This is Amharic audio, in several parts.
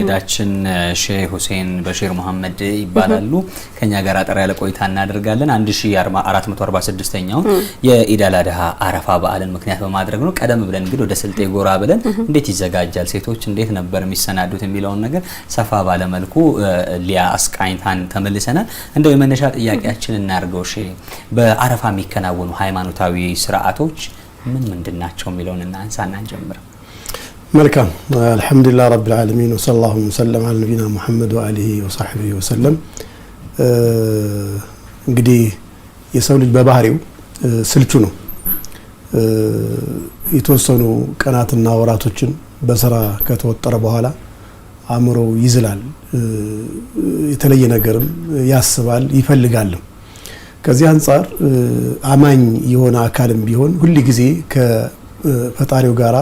እንግዳችን ሼህ ሁሴን በሺር መሐመድ ይባላሉ። ከኛ ጋር አጠር ያለ ቆይታ እናደርጋለን። 1446ኛው የኢድ አል አድሃ አረፋ በዓልን ምክንያት በማድረግ ነው። ቀደም ብለን እንግዲህ ወደ ስልጤ ጎራ ብለን እንዴት ይዘጋጃል፣ ሴቶች እንዴት ነበር የሚሰናዱት የሚለውን ነገር ሰፋ ባለመልኩ ሊያ አስቃኝታን ተመልሰናል። እንደው የመነሻ ጥያቄያችን እናድርገው ሼህ፣ በአረፋ የሚከናወኑ ሃይማኖታዊ ስርዓቶች ምን ምንድን ናቸው የሚለውን እናንሳ እናንጀምር። መልካም አልሐምዱሊላህ ረብል ዓለሚን ወሰለላሁ ወሰለም አለ ነቢና ሙሐመድ ወአሊሂ ወሳሕቢሂ ወሰለም። እንግዲህ የሰው ልጅ በባህሪው ስልቹ ነው። የተወሰኑ ቀናትና ወራቶችን በስራ ከተወጠረ በኋላ አእምሮው ይዝላል፣ የተለየ ነገርም ያስባል ይፈልጋልም። ከዚህ አንጻር አማኝ የሆነ አካልም ቢሆን ሁል ጊዜ ከፈጣሪው ጋራ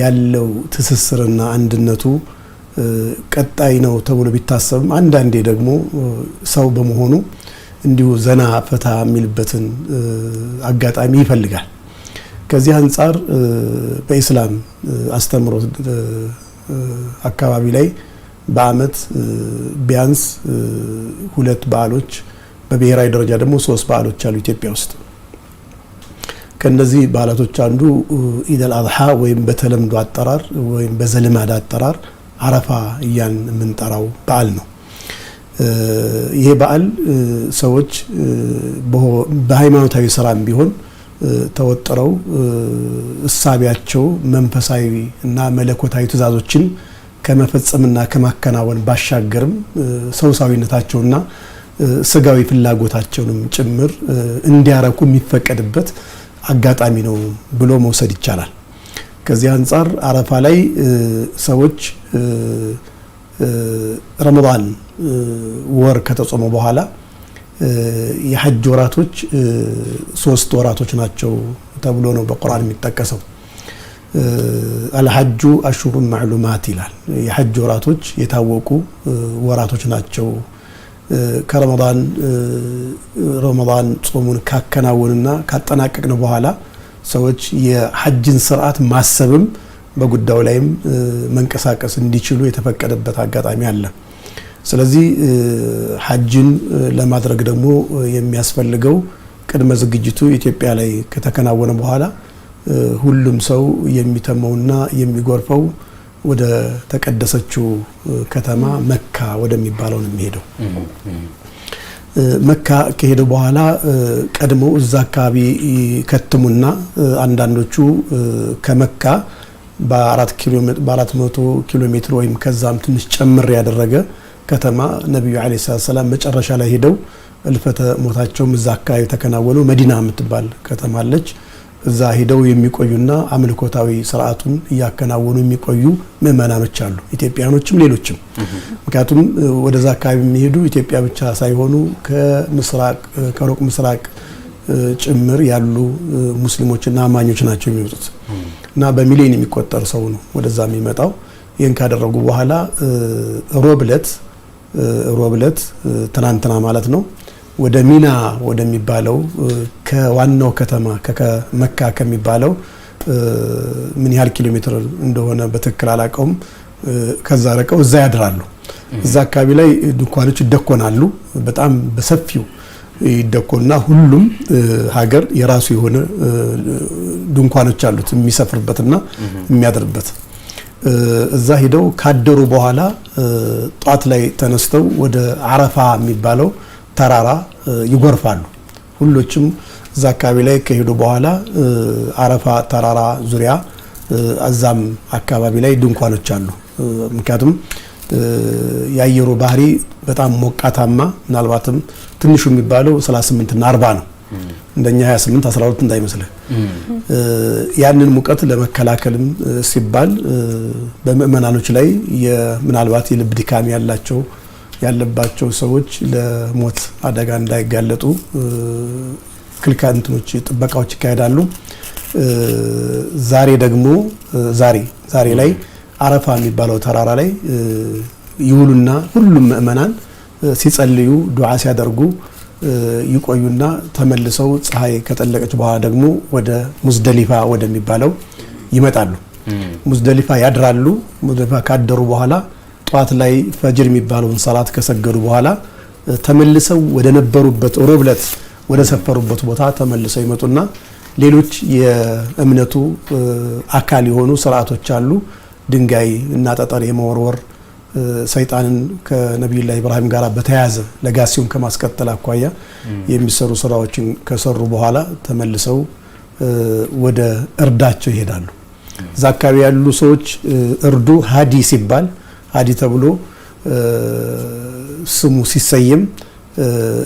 ያለው ትስስርና አንድነቱ ቀጣይ ነው ተብሎ ቢታሰብም አንዳንዴ ደግሞ ሰው በመሆኑ እንዲሁ ዘና ፈታ የሚልበትን አጋጣሚ ይፈልጋል። ከዚህ አንጻር በኢስላም አስተምሮት አካባቢ ላይ በዓመት ቢያንስ ሁለት በዓሎች በብሔራዊ ደረጃ ደግሞ ሶስት በዓሎች አሉ ኢትዮጵያ ውስጥ። ከእነዚህ በዓላቶች አንዱ ኢደል አድሓ ወይም በተለምዶ አጠራር ወይም በዘልማድ አጠራር አረፋ እያን የምንጠራው በዓል ነው። ይሄ በዓል ሰዎች በሃይማኖታዊ ስራም ቢሆን ተወጥረው እሳቢያቸው መንፈሳዊ እና መለኮታዊ ትእዛዞችን ከመፈጸምና ከማከናወን ባሻገርም ሰውሳዊነታቸውና ስጋዊ ፍላጎታቸውንም ጭምር እንዲያረኩ የሚፈቀድበት አጋጣሚ ነው ብሎ መውሰድ ይቻላል። ከዚህ አንጻር አረፋ ላይ ሰዎች ረመዳን ወር ከተጾመ በኋላ የሐጅ ወራቶች ሶስት ወራቶች ናቸው ተብሎ ነው በቁርአን የሚጠቀሰው። አልሐጁ አሽሁሩን ማዕሉማት ይላል። የሐጅ ወራቶች የታወቁ ወራቶች ናቸው ከረመዳን ረመዳን ጾሙን ካከናወንና ካጠናቀቅን በኋላ ሰዎች የሐጅን ስርዓት ማሰብም በጉዳዩ ላይም መንቀሳቀስ እንዲችሉ የተፈቀደበት አጋጣሚ አለ። ስለዚህ ሐጅን ለማድረግ ደግሞ የሚያስፈልገው ቅድመ ዝግጅቱ ኢትዮጵያ ላይ ከተከናወነ በኋላ ሁሉም ሰው የሚተመውና የሚጎርፈው ወደ ተቀደሰችው ከተማ መካ ወደሚባለው ነው የሚሄደው። መካ ከሄደ በኋላ ቀድሞ እዛ አካባቢ ከትሙና አንዳንዶቹ ከመካ በአራት መቶ ኪሎ ሜትር ወይም ከዛም ትንሽ ጨምር ያደረገ ከተማ ነቢዩ ዓለይሂ ሰላም መጨረሻ ላይ ሄደው እልፈተ ሞታቸውም እዛ አካባቢ ተከናወኑ። መዲና የምትባል ከተማ አለች። እዛ ሄደው የሚቆዩና አምልኮታዊ ስርዓቱን እያከናወኑ የሚቆዩ ምእመናኖች አሉ፣ ኢትዮጵያኖችም ሌሎችም። ምክንያቱም ወደዛ አካባቢ የሚሄዱ ኢትዮጵያ ብቻ ሳይሆኑ ከምስራቅ ከሩቅ ምስራቅ ጭምር ያሉ ሙስሊሞችና አማኞች ናቸው የሚመጡት እና በሚሊዮን የሚቆጠር ሰው ነው ወደዛ የሚመጣው። ይህን ካደረጉ በኋላ ሮብለት ሮብለት ትናንትና ማለት ነው ወደ ሚና ወደሚባለው ከዋናው ከተማ ከመካ ከሚባለው ምን ያህል ኪሎ ሜትር እንደሆነ በትክክል አላውቀውም። ከዛ ረቀው እዛ ያድራሉ። እዛ አካባቢ ላይ ድንኳኖች ይደኮናሉ። በጣም በሰፊው ይደኮና ሁሉም ሀገር የራሱ የሆነ ድንኳኖች አሉት የሚሰፍርበትና የሚያድርበት። እዛ ሂደው ካደሩ በኋላ ጧት ላይ ተነስተው ወደ አረፋ የሚባለው ተራራ ይጎርፋሉ። ሁሎችም እዛ አካባቢ ላይ ከሄዱ በኋላ አረፋ ተራራ ዙሪያ እዛም አካባቢ ላይ ድንኳኖች አሉ። ምክንያቱም የአየሩ ባህሪ በጣም ሞቃታማ ምናልባትም ትንሹ የሚባለው 38 እና 40 ነው። እንደኛ 28 12 እንዳይመስልህ። ያንን ሙቀት ለመከላከልም ሲባል በምእመናኖች ላይ ምናልባት የልብ ድካም ያላቸው ያለባቸው ሰዎች ለሞት አደጋ እንዳይጋለጡ እንትኖች ጥበቃዎች ይካሄዳሉ። ዛሬ ደግሞ ዛሬ ዛሬ ላይ አረፋ የሚባለው ተራራ ላይ ይውሉና ሁሉም ምእመናን ሲጸልዩ ዱዓ ሲያደርጉ ይቆዩና ተመልሰው ፀሐይ ከጠለቀች በኋላ ደግሞ ወደ ሙዝደሊፋ ወደሚባለው ይመጣሉ። ሙዝደሊፋ ያድራሉ። ሙዝደሊፋ ካደሩ በኋላ ጠዋት ላይ ፈጅር የሚባለውን ሰላት ከሰገዱ በኋላ ተመልሰው ወደ ነበሩበት ሮብለት ወደ ሰፈሩበት ቦታ ተመልሰው ይመጡና ሌሎች የእምነቱ አካል የሆኑ ስርዓቶች አሉ። ድንጋይ እና ጠጠር የመወርወር ሰይጣንን ከነቢዩላህ ኢብራሂም ጋር በተያያዘ ለጋሲውን ከማስቀጠል አኳያ የሚሰሩ ስራዎችን ከሰሩ በኋላ ተመልሰው ወደ እርዳቸው ይሄዳሉ። እዛ አካባቢ ያሉ ሰዎች እርዱ ሀዲ ሲባል አዲ ተብሎ ስሙ ሲሰየም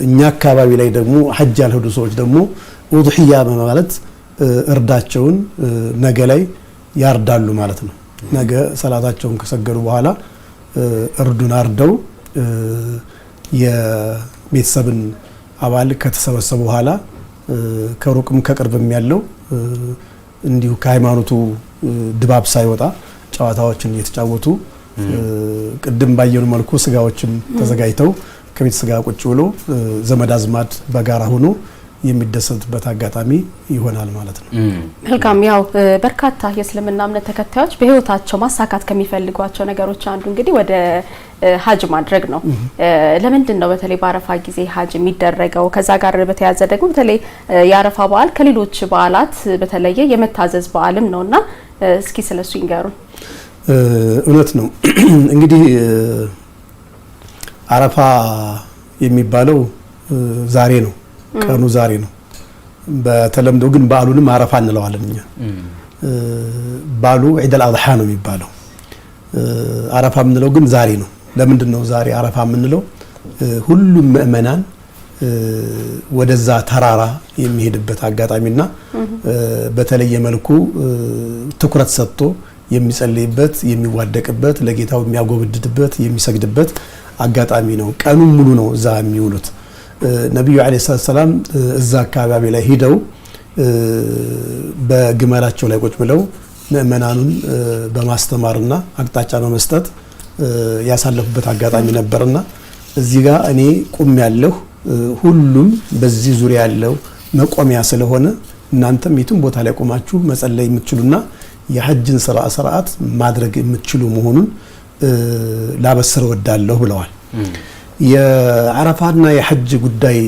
እኛ አካባቢ ላይ ደግሞ ሀጅ ያልሄዱ ሰዎች ደግሞ ውድሕያ በማለት እርዳቸውን ነገ ላይ ያርዳሉ ማለት ነው። ነገ ሰላታቸውን ከሰገዱ በኋላ እርዱን አርደው የቤተሰብን አባል ከተሰበሰቡ በኋላ ከሩቅም ከቅርብም ያለው እንዲሁ ከሃይማኖቱ ድባብ ሳይወጣ ጨዋታዎችን እየተጫወቱ ቅድም ባየኑ መልኩ ስጋዎችም ተዘጋጅተው ከቤት ስጋ ቁጭ ብሎ ዘመድ አዝማድ በጋራ ሆኖ የሚደሰትበት አጋጣሚ ይሆናል ማለት ነው። መልካም ያው በርካታ የእስልምና እምነት ተከታዮች በህይወታቸው ማሳካት ከሚፈልጓቸው ነገሮች አንዱ እንግዲህ ወደ ሀጅ ማድረግ ነው። ለምንድን ነው በተለይ በአረፋ ጊዜ ሀጅ የሚደረገው? ከዛ ጋር በተያያዘ ደግሞ በተለይ የአረፋ በዓል ከሌሎች በዓላት በተለየ የመታዘዝ በዓልም እና እስኪ ስለሱ ይንገሩን። እውነት ነው እንግዲህ አረፋ የሚባለው ዛሬ ነው፣ ቀኑ ዛሬ ነው። በተለምዶ ግን በዓሉንም አረፋ እንለዋለን እኛ። በዓሉ ዒደል አድሓ ነው የሚባለው። አረፋ የምንለው ግን ዛሬ ነው። ለምንድን ነው ዛሬ አረፋ የምንለው? ሁሉም ምእመናን ወደዛ ተራራ የሚሄድበት አጋጣሚና በተለየ መልኩ ትኩረት ሰጥቶ የሚጸልይበት፣ የሚዋደቅበት፣ ለጌታው የሚያጎብድድበት፣ የሚሰግድበት አጋጣሚ ነው። ቀኑን ሙሉ ነው እዛ የሚውሉት። ነቢዩ ዓለይሂ ሰላቱ ሰላም እዛ አካባቢ ላይ ሂደው በግመላቸው ላይ ቁጭ ብለው ምእመናኑን በማስተማርና አቅጣጫ በመስጠት ያሳለፉበት አጋጣሚ ነበርና እዚህ ጋር እኔ ቁም ያለሁ ሁሉም በዚህ ዙሪያ ያለው መቆሚያ ስለሆነ እናንተም የትም ቦታ ላይ ቆማችሁ መጸለይ የምትችሉና የሐጅን ስራ ስርዓት ማድረግ የምትችሉ መሆኑን ላበስር ወዳለሁ ብለዋል። የአረፋና የሐጅ ጉዳይ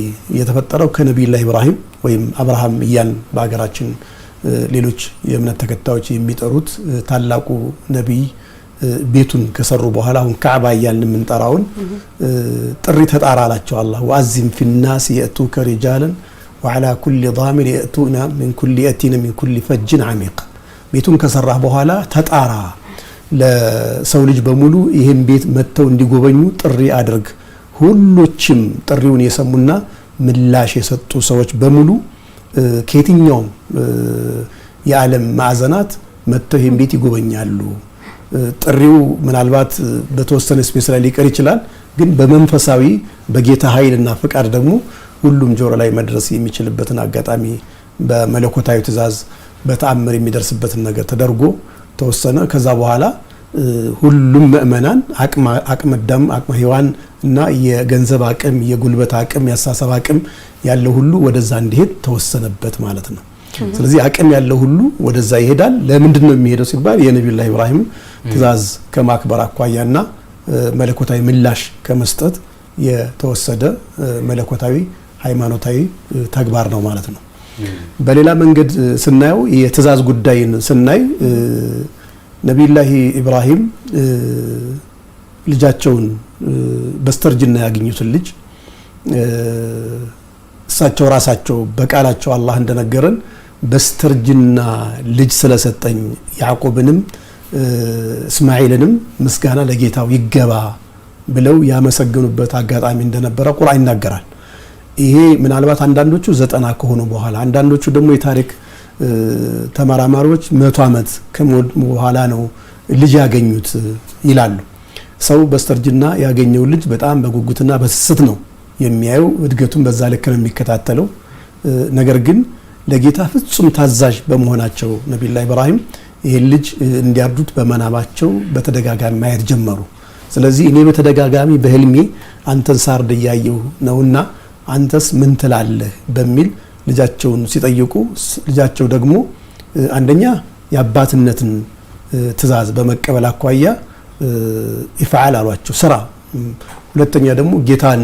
የተፈጠረው ከነቢዩላህ ኢብራሂም ወይም አብርሃም እያልን በሀገራችን ሌሎች የእምነት ተከታዮች የሚጠሩት ታላቁ ነቢይ ቤቱን ከሰሩ በኋላ አሁን ካዕባ እያልን የምንጠራውን ጥሪ ተጣራ አላቸው አላህ ወአዚም ፊናስ የእቱከ ሪጃለን ወዓላ ኩሊ ዳሚር የእቱና ሚን ኩሊ የእቲነ ሚን ኩሊ ፈጅን ዓሚቅ ቤቱን ከሰራህ በኋላ ተጣራ፣ ለሰው ልጅ በሙሉ ይህን ቤት መጥተው እንዲጎበኙ ጥሪ አድርግ። ሁሎችም ጥሪውን የሰሙና ምላሽ የሰጡ ሰዎች በሙሉ ከየትኛውም የዓለም ማዕዘናት መጥተው ይህን ቤት ይጎበኛሉ። ጥሪው ምናልባት በተወሰነ ስፔስ ላይ ሊቀር ይችላል፣ ግን በመንፈሳዊ በጌታ ኃይልና ፍቃድ ደግሞ ሁሉም ጆሮ ላይ መድረስ የሚችልበትን አጋጣሚ በመለኮታዊ ትእዛዝ በተአምር የሚደርስበትን ነገር ተደርጎ ተወሰነ። ከዛ በኋላ ሁሉም ምእመናን አቅመ ደም፣ አቅመ ሔዋን እና የገንዘብ አቅም፣ የጉልበት አቅም፣ የአስተሳሰብ አቅም ያለው ሁሉ ወደዛ እንዲሄድ ተወሰነበት ማለት ነው። ስለዚህ አቅም ያለው ሁሉ ወደዛ ይሄዳል። ለምንድን ነው የሚሄደው ሲባል የነቢዩላህ ኢብራሂም ትእዛዝ ከማክበር አኳያና መለኮታዊ ምላሽ ከመስጠት የተወሰደ መለኮታዊ ሃይማኖታዊ ተግባር ነው ማለት ነው። በሌላ መንገድ ስናየው የትእዛዝ ጉዳይን ስናይ ነቢዩላህ ኢብራሂም ልጃቸውን በስተርጅና ያገኙትን ልጅ እሳቸው ራሳቸው በቃላቸው አላህ እንደነገረን በስተርጅና ልጅ ስለሰጠኝ ያዕቆብንም እስማኤልንም ምስጋና ለጌታው ይገባ ብለው ያመሰገኑበት አጋጣሚ እንደነበረ ቁርአን ይናገራል። ይሄ ምናልባት አንዳንዶቹ ዘጠና ከሆኑ በኋላ አንዳንዶቹ ደግሞ የታሪክ ተመራማሪዎች መቶ ዓመት ከሞድ በኋላ ነው ልጅ ያገኙት ይላሉ። ሰው በስተርጅና ያገኘው ልጅ በጣም በጉጉትና በስስት ነው የሚያየው። እድገቱን በዛ ልክ ነው የሚከታተለው። ነገር ግን ለጌታ ፍጹም ታዛዥ በመሆናቸው ነቢላ ኢብራሂም ይህን ልጅ እንዲያርዱት በመናባቸው በተደጋጋሚ ማየት ጀመሩ። ስለዚህ እኔ በተደጋጋሚ በህልሜ አንተን ሳርድ እያየሁ ነውና አንተስ ምን ትላለህ በሚል ልጃቸውን ሲጠይቁ ልጃቸው ደግሞ አንደኛ የአባትነትን ትዕዛዝ በመቀበል አኳያ ይፍዓል አሏቸው ስራ። ሁለተኛ ደግሞ ጌታን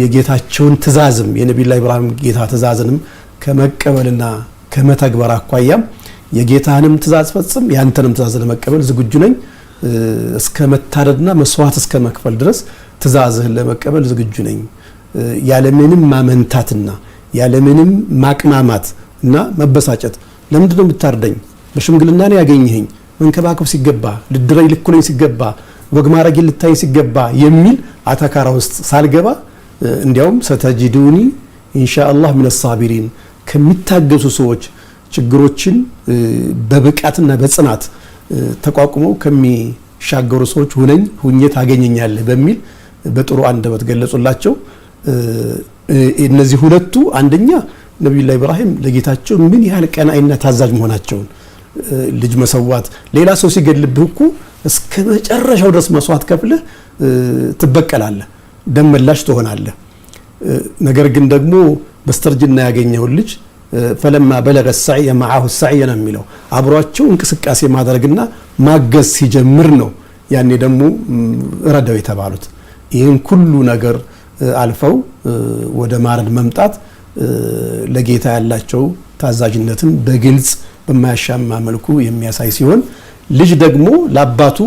የጌታቸውን ትዕዛዝም የነቢዩላህ ኢብራሂም ጌታ ትዕዛዝንም ከመቀበልና ከመተግበር አኳያም የጌታንም ትዕዛዝ ፈጽም ያንተንም ትዕዛዝ ለመቀበል ዝግጁ ነኝ እስከ መታረድና መስዋዕት እስከ መክፈል ድረስ ትዕዛዝህን ለመቀበል ዝግጁ ነኝ ያለምንም ማመንታትና ያለምንም ማቅማማት እና መበሳጨት ለምንድን ነው የምታርደኝ? በሽምግልና ነው ያገኘኸኝ፣ መንከባከብ ሲገባ ልድረኝ፣ ልኩለኝ ሲገባ ወግ ማረግ ልታየኝ ሲገባ የሚል አታካራ ውስጥ ሳልገባ እንዲያውም ሰተጂዱኒ ኢንሻአላህ ሚነ ሳቢሪን ከሚታገሱ ሰዎች ችግሮችን በብቃትና በጽናት ተቋቁመው ከሚሻገሩ ሰዎች ሁነኝ ሁኜ ታገኘኛለህ በሚል በጥሩ አንደበት ገለጹላቸው። እነዚህ ሁለቱ አንደኛ ነቢዩላህ ኢብራሂም ለጌታቸው ምን ያህል ቀናኢና ታዛዥ መሆናቸውን ልጅ መሰዋት ሌላ ሰው ሲገድልብህ እኮ እስከ መጨረሻው ድረስ መስዋዕት ከፍለህ ትበቀላለህ፣ ደም መላሽ ትሆናለህ። ነገር ግን ደግሞ በስተርጅና ያገኘውን ልጅ ፈለማ በለገ ሳዕየ መዓሁ ሳዕየ ነው የሚለው አብሯቸው እንቅስቃሴ ማድረግና ማገዝ ሲጀምር ነው ያኔ ደግሞ ረዳው የተባሉት ይህን ሁሉ ነገር አልፈው ወደ ማረድ መምጣት ለጌታ ያላቸው ታዛዥነትን በግልጽ በማያሻማ መልኩ የሚያሳይ ሲሆን ልጅ ደግሞ ለአባቱ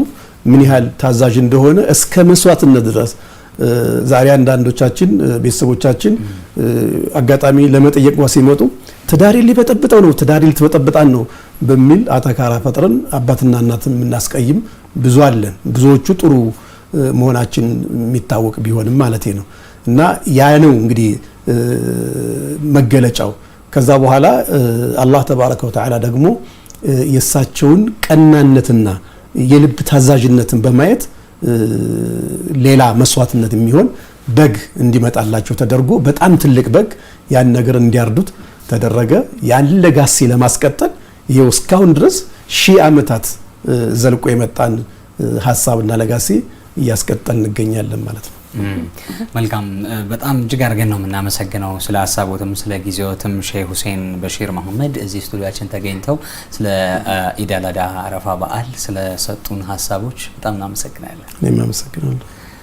ምን ያህል ታዛዥ እንደሆነ እስከ መስዋዕትነት ድረስ ዛሬ አንዳንዶቻችን ቤተሰቦቻችን አጋጣሚ ለመጠየቅ ጓ ሲመጡ ትዳሪ ሊበጠብጠው ነው፣ ትዳሪ ልትበጠብጣን ነው በሚል አተካራ ፈጥረን አባትና እናትን የምናስቀይም ብዙ አለን። ብዙዎቹ ጥሩ መሆናችን የሚታወቅ ቢሆንም ማለት ነው እና ያ ነው እንግዲህ መገለጫው። ከዛ በኋላ አላህ ተባረከ ወተዓላ ደግሞ የእሳቸውን ቀናነትና የልብ ታዛዥነትን በማየት ሌላ መስዋዕትነት የሚሆን በግ እንዲመጣላቸው ተደርጎ በጣም ትልቅ በግ ያን ነገር እንዲያርዱት ተደረገ። ያን ለጋሴ ለማስቀጠል ይሄው እስካሁን ድረስ ሺህ ዓመታት ዘልቆ የመጣን ሀሳብና ለጋሴ እያስቀጠል እንገኛለን ማለት ነው። መልካም በጣም እጅግ አድርገን ነው የምናመሰግነው ስለ ሀሳቦትም ስለ ጊዜዎትም ሼህ ሁሴን በሺር መሀመድ እዚህ ስቱዲያችን ተገኝተው ስለ ኢድ አል አድሃ አረፋ በዓል ስለሰጡን ሀሳቦች በጣም እናመሰግናለን። እኔም አመሰግናለሁ።